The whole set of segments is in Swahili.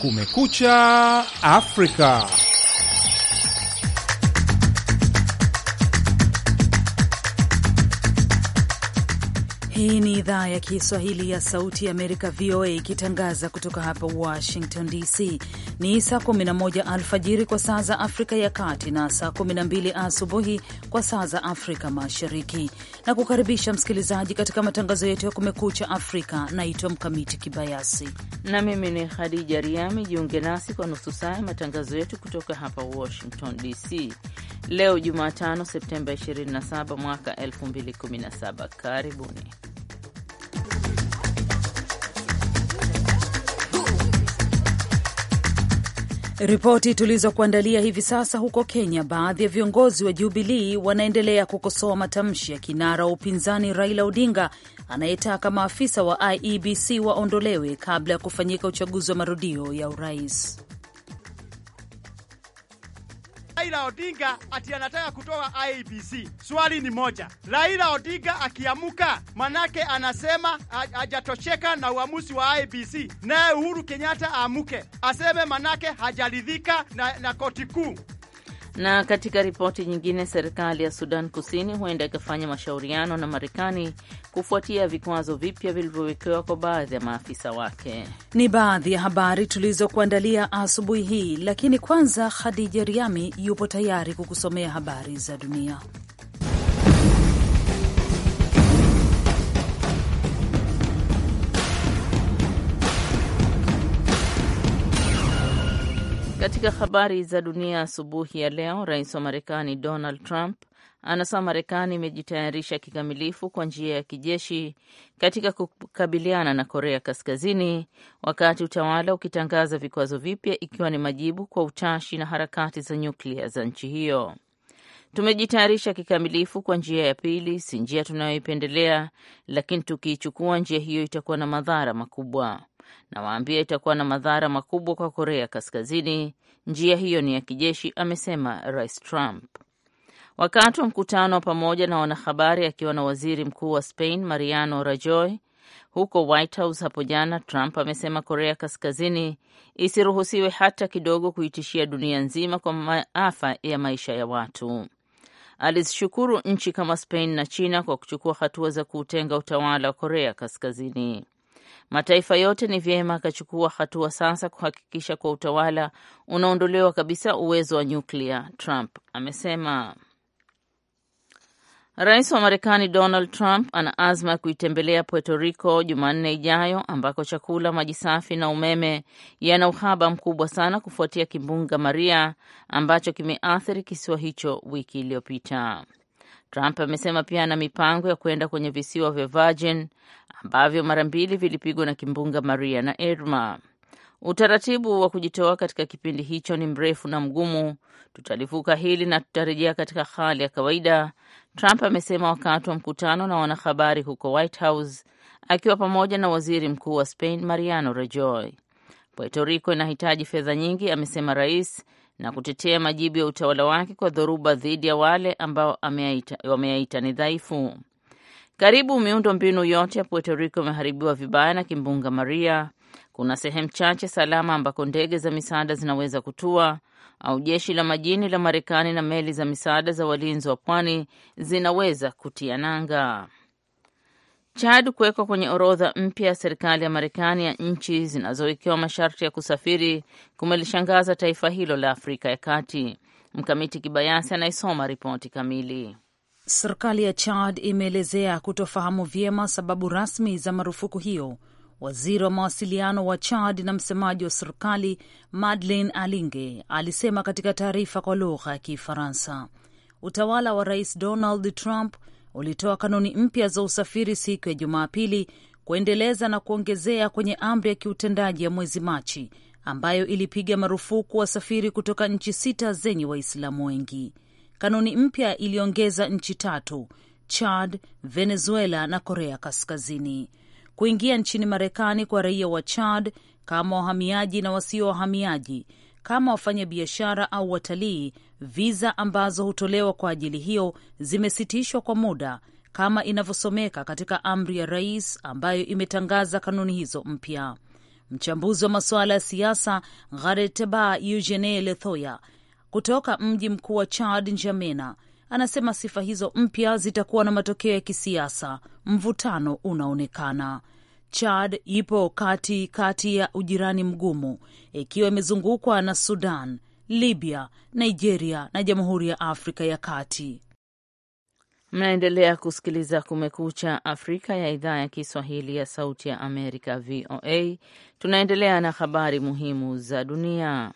Kumekucha Afrika. Hii ni idhaa ya Kiswahili ya Sauti ya Amerika, VOA, ikitangaza kutoka hapa Washington DC. Ni saa 11 alfajiri kwa saa za Afrika ya Kati na saa 12 asubuhi kwa saa za Afrika Mashariki, na kukaribisha msikilizaji katika matangazo yetu ya Kumekucha Afrika. Naitwa Mkamiti Kibayasi na mimi ni Khadija Riami. Jiunge nasi kwa nusu saa ya matangazo yetu kutoka hapa Washington DC leo Jumatano, Septemba 27 mwaka 2017. Karibuni. Ripoti tulizokuandalia hivi sasa. Huko Kenya, baadhi ya viongozi wa Jubilii wanaendelea kukosoa matamshi ya kinara wa upinzani Raila Odinga anayetaka maafisa wa IEBC waondolewe kabla ya kufanyika uchaguzi wa marudio ya urais. Raila Odinga ati anataka kutoa IBC. Swali ni moja, Raila Odinga akiamuka, manake anasema hajatosheka na uamuzi wa ibc naye Uhuru Kenyatta aamuke aseme, manake hajaridhika na, na koti kuu. Na katika ripoti nyingine, serikali ya Sudan Kusini huenda ikafanya mashauriano na Marekani kufuatia vikwazo vipya vilivyowekewa kwa baadhi ya maafisa wake. Ni baadhi ya habari tulizokuandalia asubuhi hii, lakini kwanza, Khadija Riami yupo tayari kukusomea habari za dunia. Katika habari za dunia asubuhi ya leo, rais wa Marekani Donald Trump anasema Marekani imejitayarisha kikamilifu kwa njia ya kijeshi katika kukabiliana na Korea Kaskazini, wakati utawala ukitangaza vikwazo vipya ikiwa ni majibu kwa utashi na harakati za nyuklia za nchi hiyo. Tumejitayarisha kikamilifu kwa njia ya pili, si njia tunayoipendelea, lakini tukiichukua njia hiyo itakuwa na madhara makubwa na waambia itakuwa na madhara makubwa kwa Korea Kaskazini. Njia hiyo ni ya kijeshi, amesema Rais Trump wakati wa mkutano wa pamoja na wanahabari akiwa na waziri mkuu wa Spain Mariano Rajoy huko White House hapo jana. Trump amesema Korea Kaskazini isiruhusiwe hata kidogo kuitishia dunia nzima kwa maafa ya maisha ya watu. Alizishukuru nchi kama Spain na China kwa kuchukua hatua za kuutenga utawala wa Korea Kaskazini. Mataifa yote ni vyema akachukua hatua sasa kuhakikisha kwa utawala unaondolewa kabisa uwezo wa nyuklia, Trump amesema. Rais wa Marekani Donald Trump ana azma ya kuitembelea Puerto Rico Jumanne ijayo ambako chakula, maji safi na umeme yana uhaba mkubwa sana kufuatia kimbunga Maria ambacho kimeathiri kisiwa hicho wiki iliyopita. Trump amesema pia ana mipango ya kwenda kwenye visiwa vya Virgin ambavyo mara mbili vilipigwa na kimbunga Maria na Irma. Utaratibu wa kujitoa katika kipindi hicho ni mrefu na mgumu. Tutalivuka hili na tutarejea katika hali ya kawaida, Trump amesema wakati wa mkutano na wanahabari huko White House akiwa pamoja na waziri mkuu wa Spain Mariano Rajoy. Puerto Rico inahitaji fedha nyingi, amesema rais, na kutetea majibu ya utawala wake kwa dhoruba dhidi ya wale ambao wameyaita ni dhaifu. Karibu miundo mbinu yote ya Puerto Rico imeharibiwa vibaya na kimbunga Maria. Kuna sehemu chache salama ambako ndege za misaada zinaweza kutua au jeshi la majini la Marekani na meli za misaada za walinzi wa pwani zinaweza kutia nanga. Chad kuwekwa kwenye orodha mpya ya serikali ya Marekani ya nchi zinazowekewa masharti ya kusafiri kumelishangaza taifa hilo la Afrika ya Kati. Mkamiti Kibayasi anayesoma ripoti kamili. Serikali ya Chad imeelezea kutofahamu vyema sababu rasmi za marufuku hiyo. Waziri wa mawasiliano wa Chad na msemaji wa serikali Madeleine Alinge alisema katika taarifa kwa lugha ya Kifaransa, utawala wa Rais Donald Trump ulitoa kanuni mpya za usafiri siku ya Jumapili, kuendeleza na kuongezea kwenye amri ya kiutendaji ya mwezi Machi ambayo ilipiga marufuku wasafiri kutoka nchi sita zenye Waislamu wengi. Kanuni mpya iliongeza nchi tatu, Chad, Venezuela na Korea Kaskazini, kuingia nchini Marekani kwa raia wa Chad kama wahamiaji na wasio wahamiaji kama wafanyabiashara au watalii, viza ambazo hutolewa kwa ajili hiyo zimesitishwa kwa muda kama inavyosomeka katika amri ya rais ambayo imetangaza kanuni hizo mpya. Mchambuzi wa masuala ya siasa Ghareteba Eugene Lethoya kutoka mji mkuu wa Chad, Njamena, anasema sifa hizo mpya zitakuwa na matokeo ya kisiasa. Mvutano unaonekana Chad ipo kati kati ya ujirani mgumu ikiwa imezungukwa na Sudan, Libya, Nigeria na Jamhuri ya Afrika ya Kati. Mnaendelea kusikiliza Kumekucha Afrika ya idhaa ya Kiswahili ya Sauti ya Amerika, VOA. Tunaendelea na habari muhimu za dunia.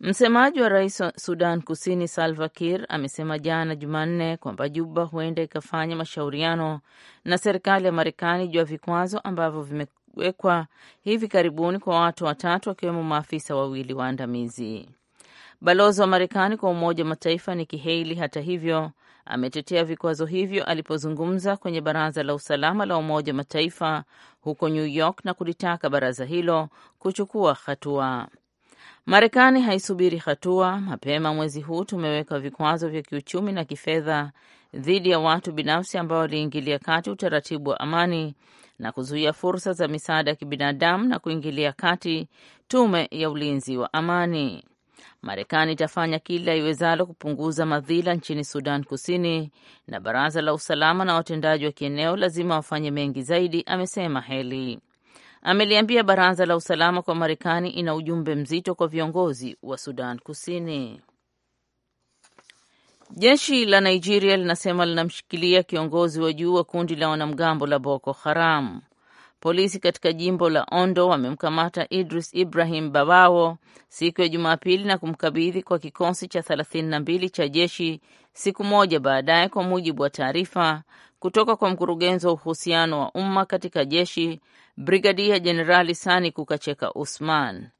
Msemaji wa rais wa Sudan Kusini Salva Kiir amesema jana Jumanne kwamba Juba huenda ikafanya mashauriano na serikali ya Marekani juu ya vikwazo ambavyo vimewekwa hivi karibuni kwa watu watatu wakiwemo maafisa wawili waandamizi. Balozi wa Marekani kwa Umoja wa Mataifa Nikki Haley, hata hivyo, ametetea vikwazo hivyo alipozungumza kwenye Baraza la Usalama la Umoja wa Mataifa huko New York na kulitaka baraza hilo kuchukua hatua. Marekani haisubiri hatua. Mapema mwezi huu tumeweka vikwazo vya kiuchumi na kifedha dhidi ya watu binafsi ambao waliingilia kati utaratibu wa amani na kuzuia fursa za misaada ya kibinadamu na kuingilia kati tume ya ulinzi wa amani. Marekani itafanya kila iwezalo kupunguza madhila nchini Sudan Kusini, na baraza la usalama na watendaji wa kieneo lazima wafanye mengi zaidi, amesema Heli ameliambia baraza la usalama kwa Marekani ina ujumbe mzito kwa viongozi wa Sudan Kusini. Jeshi la Nigeria linasema linamshikilia kiongozi wa juu wa kundi la wanamgambo la Boko Haram. Polisi katika jimbo la Ondo wamemkamata Idris Ibrahim Babawo siku ya Jumapili na kumkabidhi kwa kikosi cha 32 cha jeshi siku moja baadaye, kwa mujibu wa taarifa kutoka kwa mkurugenzi wa uhusiano wa umma katika jeshi Brigadia Jenerali Sani Kukacheka Usman.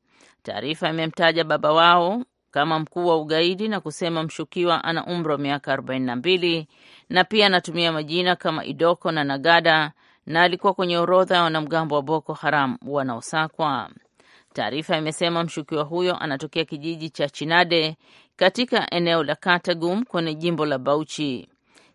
Taarifa imemtaja baba wao kama mkuu wa ugaidi na kusema mshukiwa ana umri wa miaka 42 na pia anatumia majina kama Idoko na Nagada na alikuwa kwenye orodha ya wanamgambo wa Boko Haram wanaosakwa. Taarifa imesema mshukiwa huyo anatokea kijiji cha Chinade katika eneo la Katagum kwenye jimbo la Bauchi.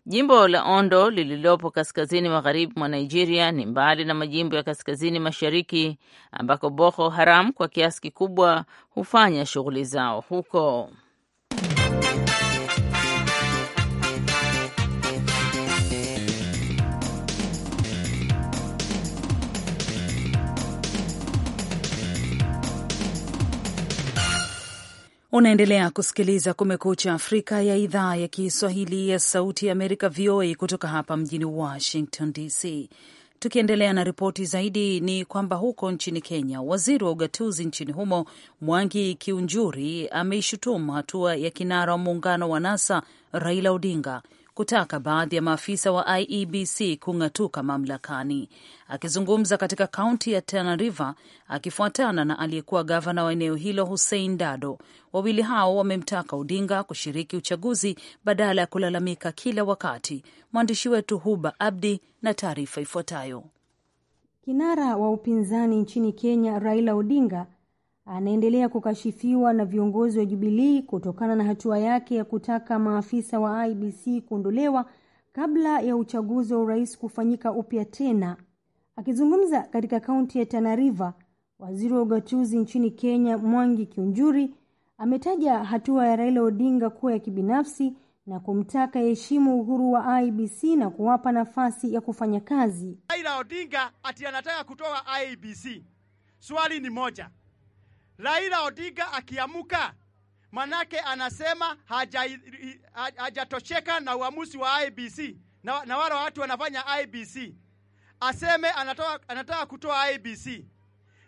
Jimbo la Ondo lililopo kaskazini magharibi mwa Nigeria ni mbali na majimbo ya kaskazini mashariki ambako Boko Haram kwa kiasi kikubwa hufanya shughuli zao huko. Unaendelea kusikiliza Kumekucha Afrika ya idhaa ya Kiswahili ya Sauti ya Amerika, VOA, kutoka hapa mjini Washington DC. Tukiendelea na ripoti zaidi ni kwamba huko nchini Kenya, waziri wa ugatuzi nchini humo Mwangi Kiunjuri ameishutumu hatua ya kinara wa muungano wa NASA Raila Odinga kutaka baadhi ya maafisa wa IEBC kung'atuka mamlakani. Akizungumza katika kaunti ya Tana River akifuatana na aliyekuwa gavana wa eneo hilo Hussein Dado, wawili hao wamemtaka Odinga kushiriki uchaguzi badala ya kulalamika kila wakati. Mwandishi wetu Huba Abdi na taarifa ifuatayo. Kinara wa upinzani nchini Kenya Raila Odinga anaendelea kukashifiwa na viongozi wa Jubilii kutokana na hatua yake ya kutaka maafisa wa IBC kuondolewa kabla ya uchaguzi wa urais kufanyika upya tena. Akizungumza katika kaunti ya Tana River, waziri wa ugatuzi nchini Kenya Mwangi Kiunjuri ametaja hatua ya Raila Odinga kuwa ya kibinafsi na kumtaka heshimu uhuru wa IBC na kuwapa nafasi ya kufanya kazi. Raila Odinga ati anataka kutoa IBC. Swali ni moja. Raila Odinga akiamuka, manake anasema hajatosheka haja na uamuzi wa IBC na, na wale watu wanafanya IBC, aseme anatoa, anataka kutoa IBC.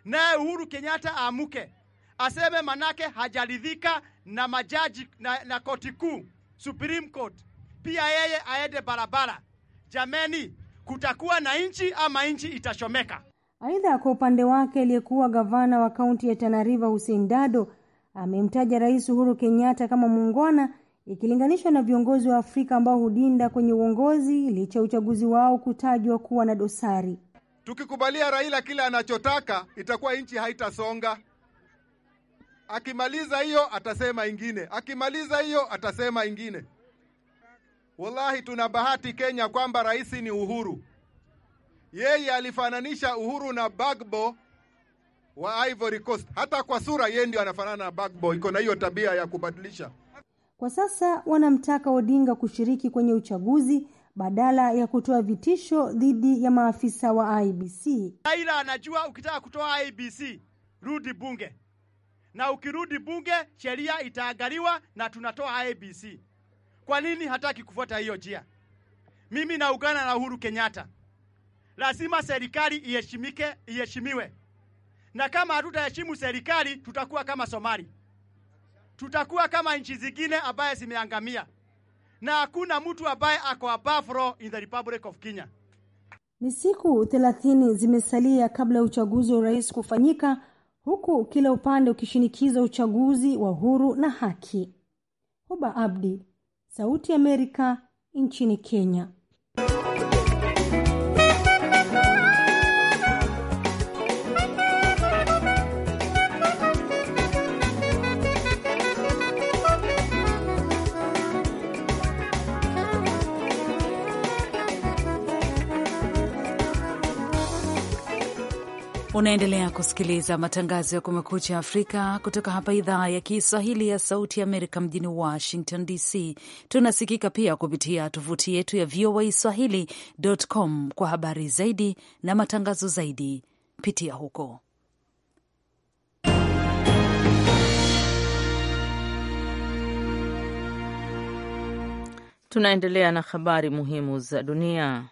Naye Uhuru Kenyatta aamuke aseme, manake hajaridhika na majaji na, na koti kuu Supreme Court, pia yeye aende barabara. Jameni, kutakuwa na nchi ama nchi itachomeka? Aidha, kwa upande wake aliyekuwa gavana wa kaunti ya Tana River Hussein Dado amemtaja Rais Uhuru Kenyatta kama muungwana ikilinganishwa na viongozi wa Afrika ambao hudinda kwenye uongozi licha ya uchaguzi wao kutajwa kuwa na dosari. Tukikubalia Raila kile anachotaka, itakuwa nchi haitasonga. Akimaliza hiyo atasema ingine, akimaliza hiyo atasema ingine. Wallahi, tuna bahati Kenya kwamba rais ni Uhuru yeye alifananisha Uhuru na Bagbo wa Ivory Coast. Hata kwa sura yeye ndio anafanana na Bagbo, iko na hiyo tabia ya kubadilisha. Kwa sasa wanamtaka Odinga kushiriki kwenye uchaguzi badala ya kutoa vitisho dhidi ya maafisa wa IBC. Raila anajua ukitaka kutoa IBC rudi bunge, na ukirudi bunge sheria itaangaliwa na tunatoa IBC. Kwa nini hataki kufuata hiyo njia? Mimi naungana na Uhuru Kenyatta lazima serikali iheshimike, iheshimiwe. Na kama hatutaheshimu serikali, tutakuwa kama Somali, tutakuwa kama nchi zingine ambaye zimeangamia, na hakuna mtu ambaye ako above in the Republic of Kenya. Ni siku thelathini zimesalia kabla ya uchaguzi wa urais kufanyika, huku kila upande ukishinikiza uchaguzi wa huru na haki. Huba Abdi, Sauti ya Amerika, nchini Kenya. Unaendelea kusikiliza matangazo ya Kumekucha Afrika kutoka hapa idhaa ya Kiswahili ya Sauti ya Amerika mjini Washington DC. Tunasikika pia kupitia tovuti yetu ya VOA Swahili.com kwa habari zaidi na matangazo zaidi, pitia huko. Tunaendelea na habari muhimu za dunia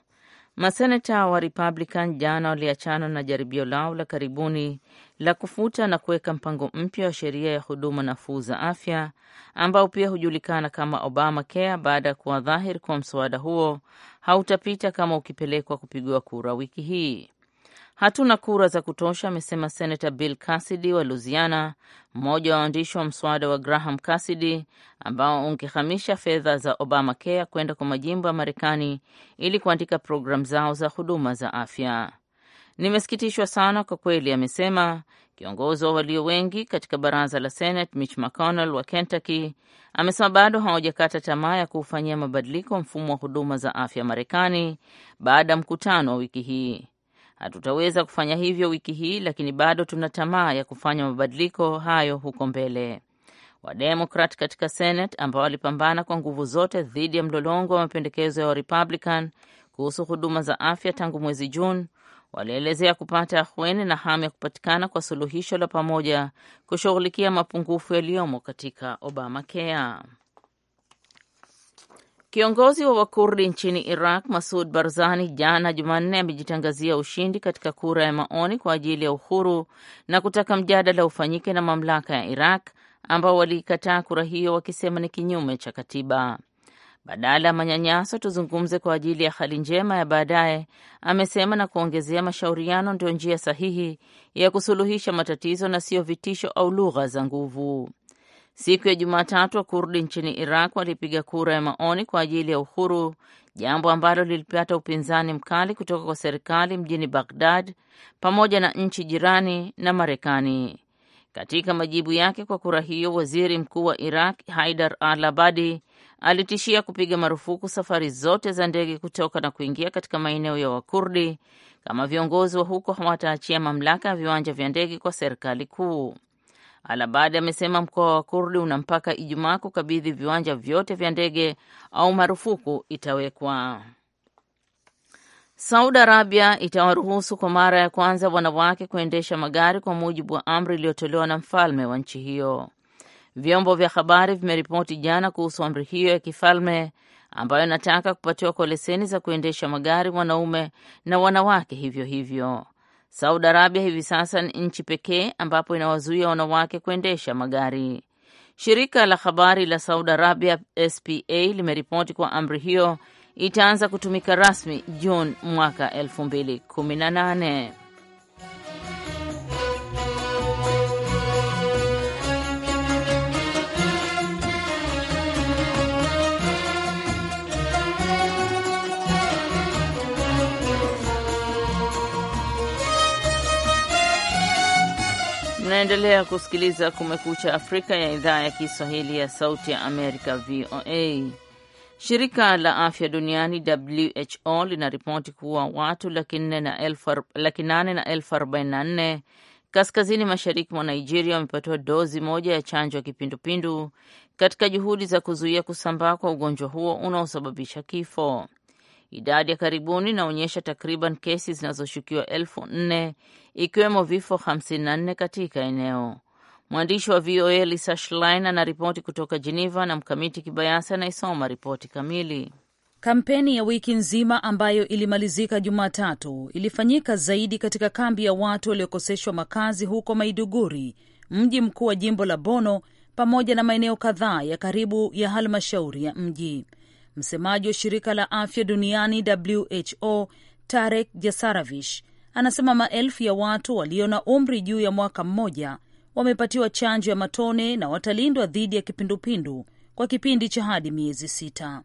maseneta wa Republican jana waliachana na jaribio lao la karibuni la kufuta na kuweka mpango mpya wa sheria ya huduma nafuu za afya ambao pia hujulikana kama Obamacare baada ya kuwa dhahiri kuwa mswada huo hautapita kama ukipelekwa kupigiwa kura wiki hii. Hatuna kura za kutosha, amesema Senata Bill Cassidy wa Louisiana, mmoja wa waandishi wa mswada wa Graham Cassidy ambao ungehamisha fedha za Obamacare kwenda kwa majimbo ya Marekani ili kuandika programu zao za huduma za afya. Nimesikitishwa sana kwa kweli, amesema kiongozi wa walio wengi katika baraza la Senate Mitch McConnell wa Kentucky. Amesema bado hawajakata tamaa ya kuufanyia mabadiliko mfumo wa huduma za afya Marekani baada ya mkutano wa wiki hii. Hatutaweza kufanya hivyo wiki hii, lakini bado tuna tamaa ya kufanya mabadiliko hayo huko mbele. Wademokrat katika Senate ambao walipambana kwa nguvu zote dhidi ya mlolongo wa mapendekezo ya Warepublican kuhusu huduma za afya tangu mwezi Juni walielezea kupata ahueni na hamu ya kupatikana kwa suluhisho la pamoja kushughulikia mapungufu yaliyomo katika Obamacare. Kiongozi wa Wakurdi nchini Iraq Masud Barzani jana Jumanne amejitangazia ushindi katika kura ya maoni kwa ajili ya uhuru na kutaka mjadala ufanyike na mamlaka ya Iraq ambao waliikataa kura hiyo wakisema ni kinyume cha katiba. Badala ya manyanyaso, tuzungumze kwa ajili ya hali njema ya baadaye, amesema na kuongezea, mashauriano ndio njia sahihi ya kusuluhisha matatizo na siyo vitisho au lugha za nguvu. Siku ya Jumatatu, Wakurdi nchini Iraq walipiga kura ya maoni kwa ajili ya uhuru, jambo ambalo lilipata upinzani mkali kutoka kwa serikali mjini Baghdad pamoja na nchi jirani na Marekani. Katika majibu yake kwa kura hiyo, waziri mkuu wa Iraq Haidar al-Abadi alitishia kupiga marufuku safari zote za ndege kutoka na kuingia katika maeneo ya Wakurdi kama viongozi wa huko hawataachia mamlaka ya viwanja vya ndege kwa serikali kuu. Al-Abadi amesema mkoa wa Kurdi una mpaka Ijumaa kukabidhi viwanja vyote vya ndege au marufuku itawekwa. Saudi Arabia itawaruhusu kwa mara ya kwanza wanawake kuendesha magari kwa mujibu wa amri iliyotolewa na mfalme wa nchi hiyo. Vyombo vya habari vimeripoti jana kuhusu amri hiyo ya kifalme ambayo inataka kupatiwa kwa leseni za kuendesha magari wanaume na wanawake hivyo hivyo. Saudi Arabia hivi sasa ni nchi pekee ambapo inawazuia wanawake kuendesha magari. Shirika la habari la Saudi Arabia SPA limeripoti kwa amri hiyo itaanza kutumika rasmi Juni mwaka 2018. Mnaendelea kusikiliza Kumekucha Afrika ya idhaa ya Kiswahili ya Sauti ya Amerika, VOA. Shirika la Afya Duniani, WHO, linaripoti kuwa watu laki nane na elfu arobaini na nne kaskazini mashariki mwa Nigeria wamepatiwa dozi moja ya chanjo ya kipindupindu katika juhudi za kuzuia kusambaa kwa ugonjwa huo unaosababisha kifo. Idadi ya karibuni inaonyesha takriban kesi zinazoshukiwa elfu nne ikiwemo vifo 54 katika eneo. Mwandishi wa VOA Lisa Schlein anaripoti kutoka Geneva na Mkamiti Kibayasi anaisoma ripoti kamili. Kampeni ya wiki nzima ambayo ilimalizika Jumatatu ilifanyika zaidi katika kambi ya watu waliokoseshwa makazi huko Maiduguri, mji mkuu wa jimbo la Bono, pamoja na maeneo kadhaa ya karibu ya halmashauri ya mji. Msemaji wa shirika la afya duniani WHO Tarek Jasaravish anasema maelfu ya watu walio na umri juu ya mwaka mmoja wamepatiwa chanjo ya matone na watalindwa dhidi ya kipindupindu kwa kipindi cha hadi miezi sita.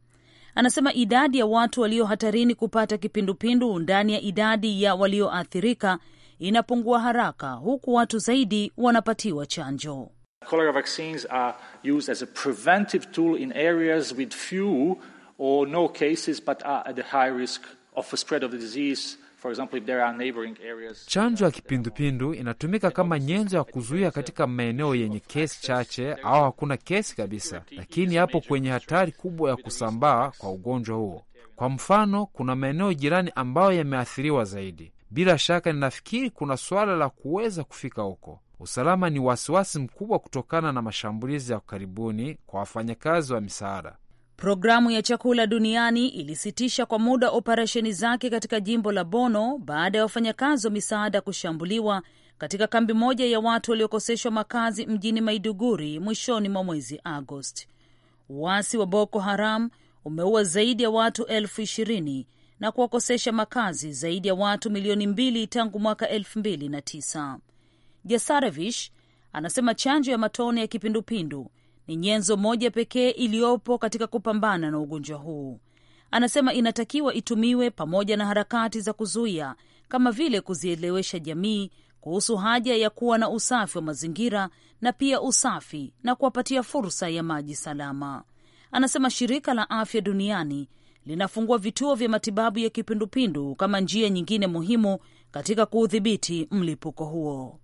Anasema idadi ya watu walio hatarini kupata kipindupindu ndani ya idadi ya walioathirika inapungua haraka, huku watu zaidi wanapatiwa chanjo. Cholera vaccines are used as a preventive tool in areas with few or no cases but are at a high risk of a spread of the disease. For example, if there are neighboring areas. Chanjo ya kipindupindu inatumika kama nyenzo ya kuzuia katika maeneo yenye kesi chache au hakuna kesi kabisa, lakini hapo kwenye hatari kubwa ya kusambaa kwa ugonjwa huo. Kwa mfano, kuna maeneo jirani ambayo yameathiriwa zaidi. Bila shaka, ninafikiri kuna suala la kuweza kufika huko. Usalama ni wasiwasi mkubwa kutokana na mashambulizi ya karibuni kwa wafanyakazi wa misaada. Programu ya chakula duniani ilisitisha kwa muda operesheni zake katika jimbo la Bono baada ya wafanyakazi wa misaada kushambuliwa katika kambi moja ya watu waliokoseshwa makazi mjini Maiduguri mwishoni mwa mwezi Agosti. Uasi wa Boko Haram umeua zaidi ya watu elfu ishirini na kuwakosesha makazi zaidi ya watu milioni mbili tangu mwaka elfu mbili na tisa. Jasarevish anasema chanjo ya matone ya kipindupindu ni nyenzo moja pekee iliyopo katika kupambana na ugonjwa huu. Anasema inatakiwa itumiwe pamoja na harakati za kuzuia kama vile kuzielewesha jamii kuhusu haja ya kuwa na usafi wa mazingira na pia usafi na kuwapatia fursa ya maji salama. Anasema shirika la afya duniani linafungua vituo vya matibabu ya kipindupindu kama njia nyingine muhimu katika kuudhibiti mlipuko huo.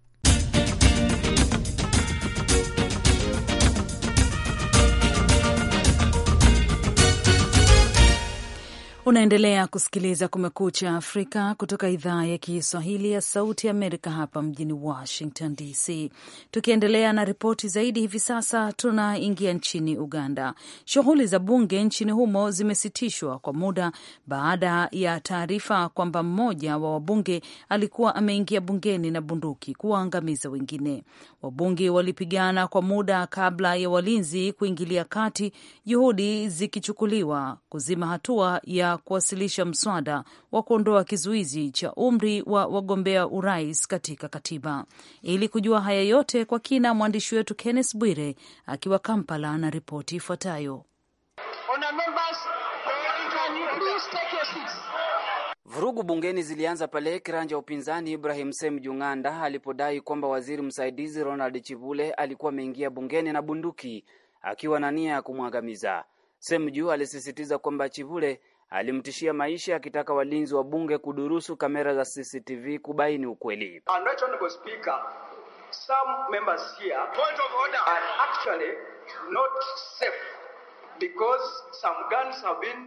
Unaendelea kusikiliza Kumekucha Afrika kutoka idhaa ya Kiswahili ya Sauti ya Amerika hapa mjini Washington DC. Tukiendelea na ripoti zaidi, hivi sasa tunaingia nchini Uganda. Shughuli za bunge nchini humo zimesitishwa kwa muda baada ya taarifa kwamba mmoja wa wabunge alikuwa ameingia bungeni na bunduki kuwaangamiza wengine. Wabunge walipigana kwa muda kabla ya walinzi kuingilia kati, juhudi zikichukuliwa kuzima hatua ya kuwasilisha mswada wa kuondoa kizuizi cha umri wa wagombea urais katika katiba. Ili kujua haya yote kwa kina, mwandishi wetu Kenneth Bwire akiwa Kampala na ripoti ifuatayo. Vurugu bungeni zilianza pale kiranja upinzani Ibrahim sem Junganda alipodai kwamba waziri msaidizi Ronald Chivule alikuwa ameingia bungeni na bunduki akiwa na nia ya kumwangamiza. sem Ju alisisitiza kwamba Chivule alimtishia maisha akitaka walinzi wa bunge kudurusu kamera za CCTV kubaini ukweli.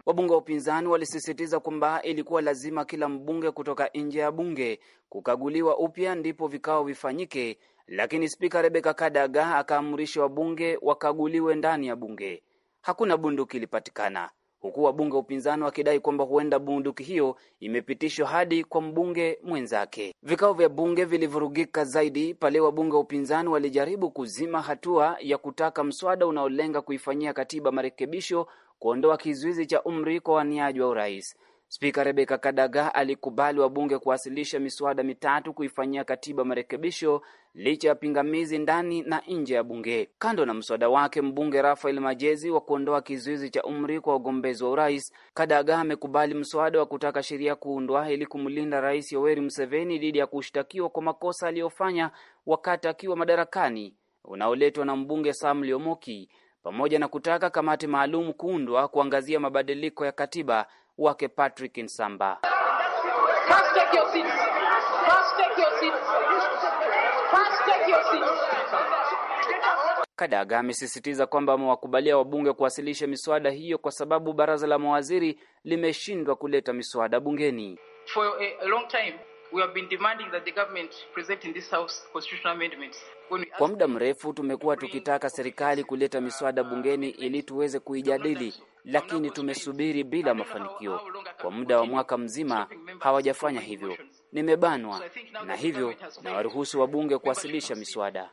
Wabunge wa upinzani walisisitiza kwamba ilikuwa lazima kila mbunge kutoka nje ya bunge kukaguliwa upya ndipo vikao vifanyike, lakini Spika Rebeka Kadaga akaamrisha wabunge wakaguliwe ndani ya bunge. Hakuna bunduki ilipatikana huku wabunge wa upinzani wakidai kwamba huenda bunduki hiyo imepitishwa hadi kwa mbunge mwenzake. Vikao vya bunge vilivurugika zaidi pale wabunge wa upinzani walijaribu kuzima hatua ya kutaka mswada unaolenga kuifanyia katiba marekebisho kuondoa kizuizi cha umri kwa waniaji wa urais. Spika Rebeka Kadaga alikubali wabunge kuwasilisha miswada mitatu kuifanyia katiba marekebisho licha ya pingamizi ndani na nje ya bunge. Kando na mswada wake mbunge Rafael Majezi wa kuondoa kizuizi cha umri kwa wagombezi wa urais, Kadaga amekubali mswada wa kutaka sheria kuundwa ili kumlinda Rais Yoweri Museveni dhidi ya kushtakiwa kwa makosa aliyofanya wakati akiwa madarakani unaoletwa na mbunge Sam Liomoki, pamoja na kutaka kamati maalum kuundwa kuangazia mabadiliko ya katiba wake Patrick Nsamba. Kadaga amesisitiza kwamba amewakubalia wabunge kuwasilisha miswada hiyo kwa sababu baraza la mawaziri limeshindwa kuleta miswada bungeni. Kwa muda mrefu tumekuwa tukitaka serikali kuleta miswada bungeni ili tuweze kuijadili lakini tumesubiri bila mafanikio kwa muda wa mwaka mzima, hawajafanya hivyo. Nimebanwa na hivyo na waruhusu wabunge kuwasilisha miswada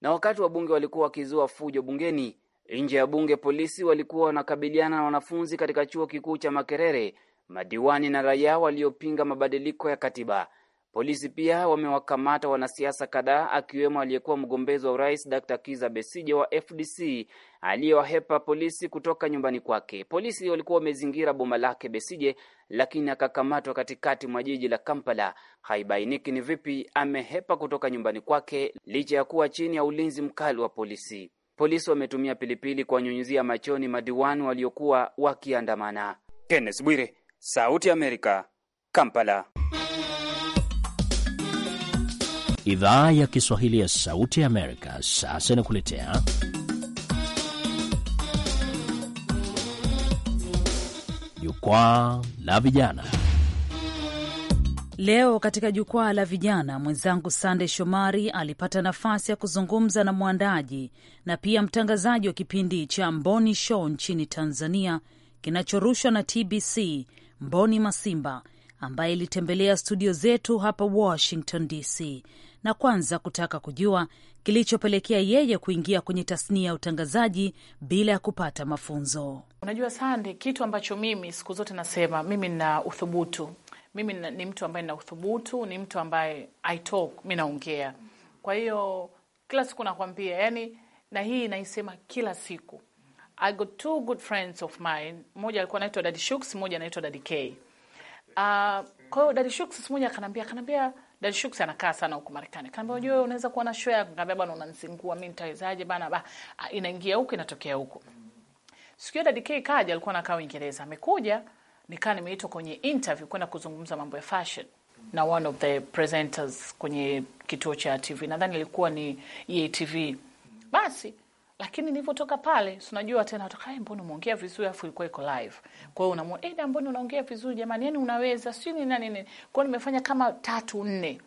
na wakati wabunge walikuwa wakizua fujo bungeni, nje ya bunge, polisi walikuwa wanakabiliana na wanafunzi katika chuo kikuu cha Makerere, madiwani na raia waliopinga mabadiliko ya katiba. Polisi pia wamewakamata wanasiasa kadhaa akiwemo aliyekuwa mgombezi wa urais Dr. Kiza Besije wa FDC aliyewahepa polisi kutoka nyumbani kwake. Polisi walikuwa wamezingira boma lake Besije, lakini akakamatwa katikati mwa jiji la Kampala. Haibainiki ni vipi amehepa kutoka nyumbani kwake licha ya kuwa chini ya ulinzi mkali wa polisi. Polisi wametumia pilipili kuwanyunyizia machoni madiwani waliokuwa wakiandamana. Kenneth Bwire, Sauti ya Amerika, Kampala. Idhaa ya Kiswahili ya Sauti ya Amerika sasa inakuletea Jukwaa la Vijana. Leo katika Jukwaa la Vijana, mwenzangu Sande Shomari alipata nafasi ya kuzungumza na mwandaji na pia mtangazaji wa kipindi cha Mboni Show nchini Tanzania kinachorushwa na TBC, Mboni Masimba ambaye ilitembelea studio zetu hapa Washington DC na kwanza kutaka kujua kilichopelekea yeye kuingia kwenye tasnia ya utangazaji bila ya kupata mafunzo. Unajua Sande, kitu ambacho mimi siku zote nasema mimi nina uthubutu, mimi ni mtu ambaye nina uthubutu, ni mtu ambaye I talk, mi naongea. Kwa hiyo kila siku nakwambia, yani, na hii naisema kila siku I got two good friends of mine. Mmoja alikuwa anaitwa Daddy Shooks, mmoja anaitwa Daddy K. Uh, kwa hiyo Daddy Shooks mmoja akaniambia akaniambia Dad Shooks anakaa sana huko Marekani. Kaambia unajua unaweza kuwa na show yako. Kaambia bwana unanizingua mimi nitawezaje bana ba inaingia huko inatokea huko. Siku hiyo Dad K kaja alikuwa anakaa Uingereza. Amekuja nikaa nimeitwa kwenye interview kwenda kuzungumza mambo ya fashion na one of the presenters kwenye kituo cha TV. Nadhani ilikuwa ni EATV. Basi lakini nilivyotoka pale, tunajua tena wataka hey, mbona umeongea vizuri afu ilikuwa iko live. Kwa hiyo unamwona hey, eh, da mbona unaongea vizuri jamani, yani unaweza si ni nani nini. Kwa hiyo nimefanya kama tatu nne.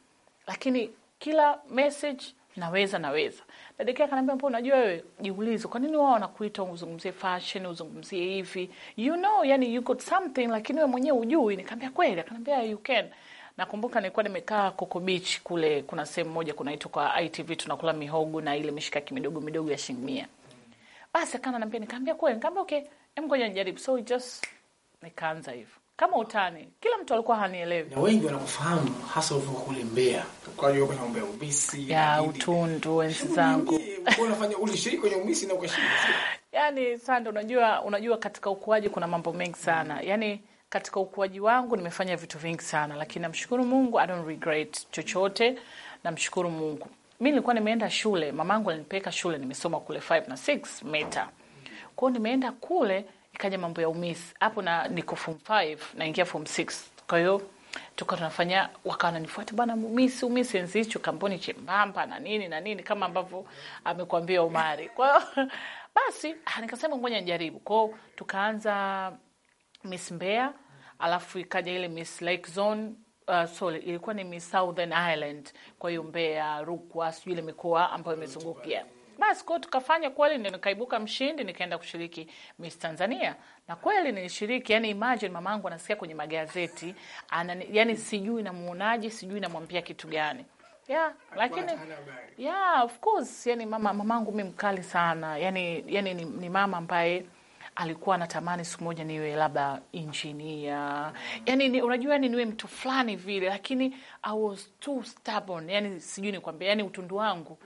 Lakini kila message naweza naweza. Dadeke akaniambia mbona unajua wewe jiulize kwa nini wao wanakuita uzungumzie fashion, uzungumzie hivi. You know, yani you got something lakini wewe mwenyewe hujui. Nikamwambia kweli, akaniambia you can. Nakumbuka nilikuwa nimekaa Coco Beach kule, kuna sehemu moja kunaitwa kwa ITV, tunakula mihogo na ile mishikaki midogo midogo ya shilingi mia. Basi akana nambia, nikaambia kweli, nikaambia okay, em, ngoja nijaribu. So just nikaanza hivyo kama utani, kila mtu alikuwa hanielewi, na wengi wanakufahamu hasa uvuka kule Mbeya, kwa hiyo kuna Mbeya ubisi ya utundu. Enzi zangu unafanya ulishiriki kwenye ubisi na ukashiriki, yani sasa, unajua unajua, katika ukuaji kuna mambo mengi sana yani katika ukuaji wangu nimefanya vitu vingi sana, lakini namshukuru Mungu, I don't regret chochote. Namshukuru Mungu. Mi nilikuwa nimeenda shule, mamangu alinipeleka shule, nimesoma kule 5 na 6 meta. Kwa nimeenda kule ikaja mambo ya umisi. Hapo na niko form 5 naingia form 6. Kwa hiyo tukawa tunafanya wakawa nanifuata bwana umisi umisi enzi hicho kampuni chembamba na nini na nini kama ambavyo amekuambia Umari. Kwa hiyo basi nikasema ngoja nijaribu. kwao, tukaanza Miss Mbeya, alafu ikaja ile Miss Lake Zone Uh, sorry, ilikuwa ni Miss Southern Ireland. Kwa hiyo Mbeya, Rukwa, sijui ile mikoa ambayo imezungukia, basi kwao tukafanya kweli, ndio nikaibuka mshindi, nikaenda kushiriki Miss Tanzania na kweli nilishiriki. Yani imagine mamangu anasikia kwenye magazeti ana, yani sijui namuonaje, sijui namwambia kitu gani ya Yeah, lakini ya yeah, of course yani mama mamangu mi mkali sana yani, yani ni, ni mama ambaye alikuwa anatamani siku moja niwe labda injinia, yani ni, unajua ni yaani niwe mtu fulani vile, lakini I was too stubborn, yani sijui nikwambia, yani utundu wangu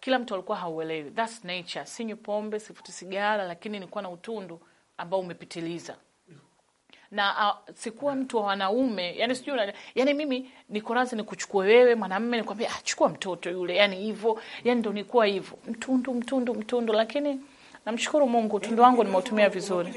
kila mtu alikuwa hauelewi, that's nature. Sinywi pombe, sifuti sigara, lakini nilikuwa na utundu ambao umepitiliza na uh, sikuwa mtu wa wanaume yani, sijui yani, mimi niko radhi nikuchukue wewe mwanamume, nikwambia achukua ah, mtoto yule, yani hivyo, yani ndo nikuwa hivyo, mtundu mtundu mtundu, lakini Namshukuru Mungu, utundu wangu nimeutumia vizuri,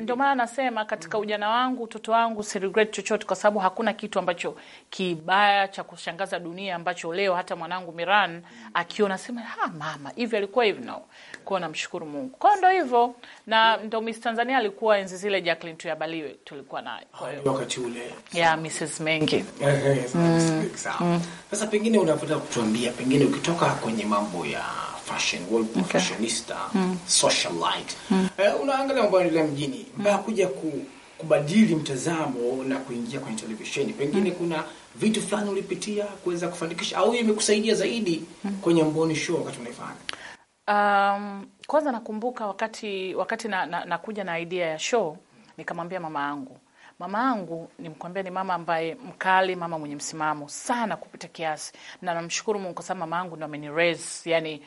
ndio maana nasema katika mm. ujana wangu, utoto wangu, si regret chochote, kwa sababu hakuna kitu ambacho kibaya cha kushangaza dunia ambacho leo hata mwanangu Miran mm. akiona sema ha, ah, mama hivi alikuwa hivi no. Kwao namshukuru Mungu, kwao ndo hivyo na ndo Miss Tanzania alikuwa enzi zile Jacqueline Tuyabaliwe tulikuwa naye ah, wakati ule ya Mrs Mengi. Eh, eh, eh, mm. Sasa pengine unapenda kutuambia, pengine ukitoka kwenye mambo ya fashion world fashionista okay. Hmm. socialite mm. Uh, eh, unaangalia mambo yanaendelea mjini mpaka mm. kuja ku, kubadili mtazamo na kuingia kwenye televisheni pengine mm. kuna vitu fulani ulipitia kuweza kufanikisha au imekusaidia zaidi mm. kwenye Mboni Show wakati unaifanya? Um, kwanza nakumbuka wakati wakati na, na, nakuja na idea ya show nikamwambia mama yangu mama yangu nimkwambia, ni mama ambaye mkali, mama mwenye msimamo sana kupita kiasi, na namshukuru Mungu kwa sababu mama yangu ndo raise, yani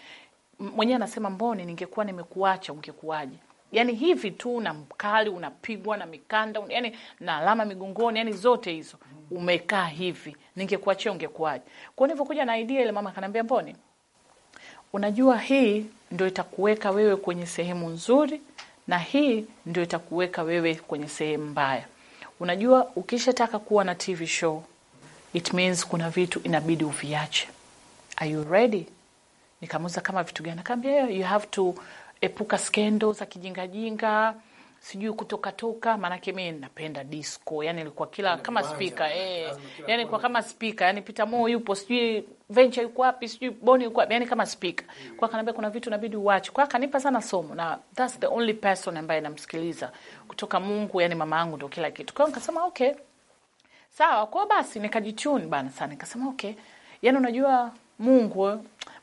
mwenyewe anasema Mboni, ningekuwa nimekuacha ungekuwaje? Yani hivi tu na mkali unapigwa na mikanda un, yani na alama migongoni, yani zote hizo umekaa hivi, ningekuachia ungekuwaje? Kwa nilivyokuja na idea ile, mama akaniambia, Mboni, unajua hii ndio itakuweka wewe kwenye sehemu nzuri na hii ndio itakuweka wewe kwenye sehemu mbaya. Unajua, ukishataka kuwa na TV show it means kuna vitu inabidi uviache. Are you ready? Nikamuuliza kama vitu gani, akaambia eh, you have to epuka skendo za kijingajinga sijui kutokatoka, toka, maanake mi napenda disco. Yani ilikuwa kila kama spika eh, yani kwa kama spika, yani Peter Mo yupo, sijui venture yuko wapi, sijui Boni yuko wapi, yani kama spika mm. kwa kanaambia kuna vitu nabidi uache. Kwa kanipa sana somo, na that's the only person ambaye namsikiliza kutoka Mungu, yani mama yangu ndo kila kitu. Kwa nikasema okay, sawa. Kwa basi nikajitune bana sana, nikasema okay, yani unajua Mungu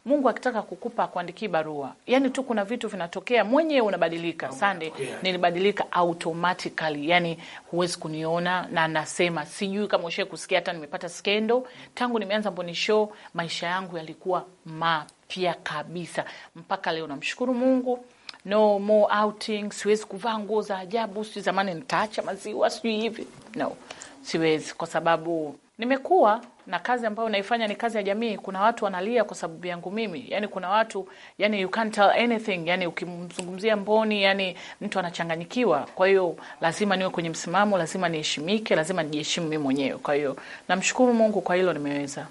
Mungu akitaka kukupa kuandikia barua, yani tu kuna vitu vinatokea, mwenyewe unabadilika. Sande, nilibadilika automatically, yani huwezi kuniona na nasema, sijui kama ushae kusikia, hata nimepata skendo tangu nimeanza Mboni Show, maisha yangu yalikuwa mapya kabisa mpaka leo. Namshukuru Mungu. No more outing, siwezi kuvaa nguo za ajabu, sijui zamani nitaacha maziwa, sijui hivi. No, siwezi kwa sababu nimekuwa na kazi ambayo naifanya ni kazi ya jamii. Kuna watu wanalia kwa sababu yangu mimi, yani kuna watu yani you can't tell anything, yani ukimzungumzia Mboni yani mtu anachanganyikiwa. Kwa hiyo lazima niwe kwenye msimamo, lazima niheshimike, lazima nijiheshimu mimi mwenyewe. Kwa hiyo namshukuru Mungu kwa hilo nimeweza.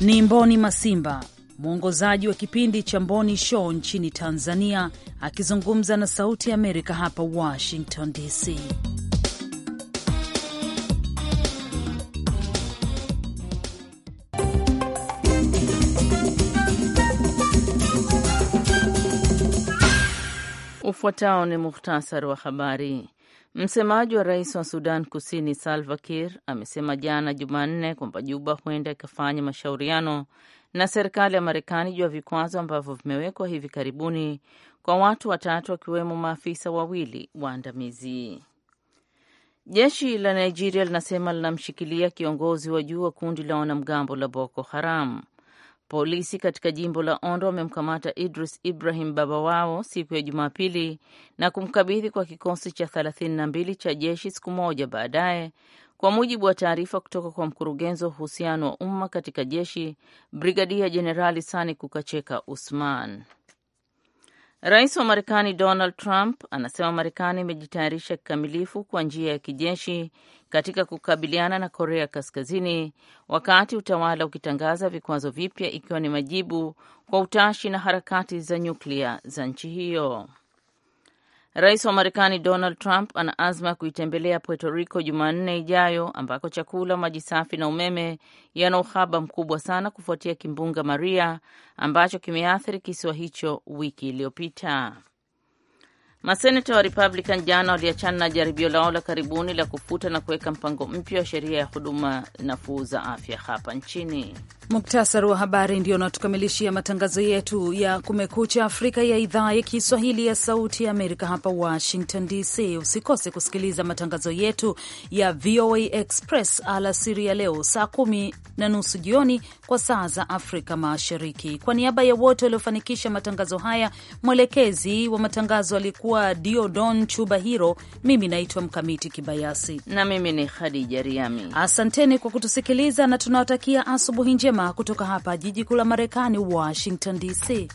Ni Mboni Masimba, mwongozaji wa kipindi cha Mboni Show nchini Tanzania, akizungumza na Sauti ya Amerika hapa Washington DC. Ufuatao ni muhtasari wa habari. Msemaji wa rais wa Sudan Kusini Salva Kiir amesema jana Jumanne kwamba Juba huenda ikafanya mashauriano na serikali ya Marekani juu ya vikwazo ambavyo vimewekwa hivi karibuni kwa watu watatu wakiwemo maafisa wawili waandamizi. Jeshi la Nigeria linasema linamshikilia kiongozi wa juu wa kundi la wanamgambo la Boko Haram. Polisi katika jimbo la Ondo wamemkamata Idris Ibrahim, baba wao, siku ya Jumapili na kumkabidhi kwa kikosi cha thelathini na mbili cha jeshi siku moja baadaye, kwa mujibu wa taarifa kutoka kwa mkurugenzi wa uhusiano wa umma katika jeshi, Brigadia Jenerali Sani Kukacheka Usman. Rais wa Marekani Donald Trump anasema Marekani imejitayarisha kikamilifu kwa njia ya kijeshi katika kukabiliana na Korea Kaskazini, wakati utawala ukitangaza vikwazo vipya ikiwa ni majibu kwa utashi na harakati za nyuklia za nchi hiyo. Rais wa Marekani Donald Trump ana azma ya kuitembelea Puerto Rico Jumanne ijayo ambako chakula, maji safi na umeme yana uhaba mkubwa sana kufuatia kimbunga Maria ambacho kimeathiri kisiwa hicho wiki iliyopita. Maseneta wa Republican jana waliachana na jaribio lao la karibuni la kufuta na kuweka mpango mpya wa sheria ya huduma nafuu za afya hapa nchini. Muktasari wa habari ndio unatukamilishia matangazo yetu ya Kumekucha Afrika ya idhaa ya Kiswahili ya Sauti ya Amerika hapa Washington DC. Usikose kusikiliza matangazo yetu ya VOA Express alasiri ya leo saa kumi na nusu jioni kwa saa za Afrika Mashariki. Kwa niaba ya wote waliofanikisha matangazo haya, mwelekezi wa matangazo alikuwa aliyekuwa Diodon Chuba Hiro. Mimi naitwa Mkamiti Kibayasi na mimi ni Khadija Riami. Asanteni kwa kutusikiliza na tunawatakia asubuhi njema kutoka hapa jiji kuu la Marekani, Washington DC.